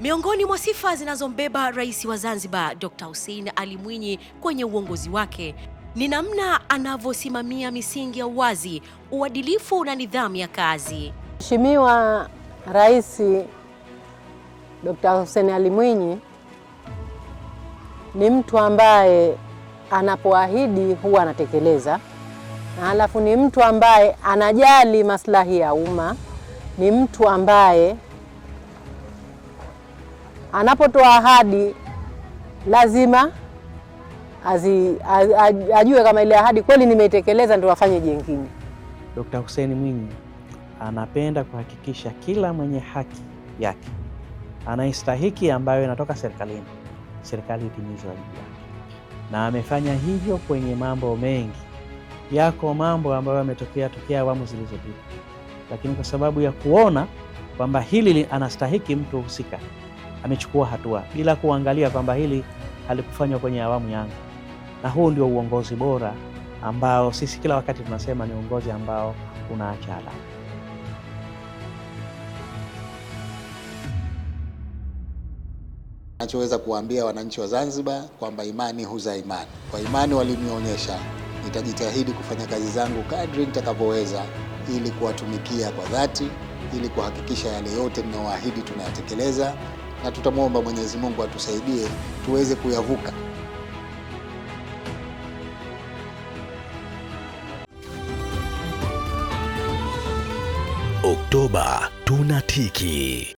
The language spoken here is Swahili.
Miongoni mwa sifa zinazombeba Rais wa Zanzibar Dr. Hussein Ali Mwinyi kwenye uongozi wake ni namna anavyosimamia misingi ya uwazi, uadilifu na nidhamu ya kazi. Mheshimiwa Rais Dr. Hussein Ali Mwinyi ni mtu ambaye anapoahidi huwa anatekeleza, na halafu ni mtu ambaye anajali maslahi ya umma, ni mtu ambaye anapotoa ahadi lazima azi, az, ajue kama ile ahadi kweli nimeitekeleza, ndio afanye jengine. Dkt. Hussein Mwinyi anapenda kuhakikisha kila mwenye haki yake anayestahiki ambayo inatoka serikalini, serikali itimize wajibu wake, na amefanya hivyo kwenye mambo mengi. Yako mambo ambayo yametokea tokea awamu zilizopita, lakini kwa sababu ya kuona kwamba hili anastahiki mtu husika amechukua hatua bila kuangalia kwamba hili halikufanywa kwenye awamu yangu. Na huu ndio uongozi bora ambao sisi kila wakati tunasema ni uongozi ambao unaacha alama. Nachoweza kuwaambia wananchi wa Zanzibar kwamba imani huzaa imani. Kwa imani walinionyesha, nitajitahidi kufanya kazi zangu kadri nitakavyoweza, ili kuwatumikia kwa dhati, ili kuhakikisha yale yote ninayoahidi tunayatekeleza, na tutamwomba Mwenyezi Mungu atusaidie tuweze kuyavuka. Oktoba tunatiki.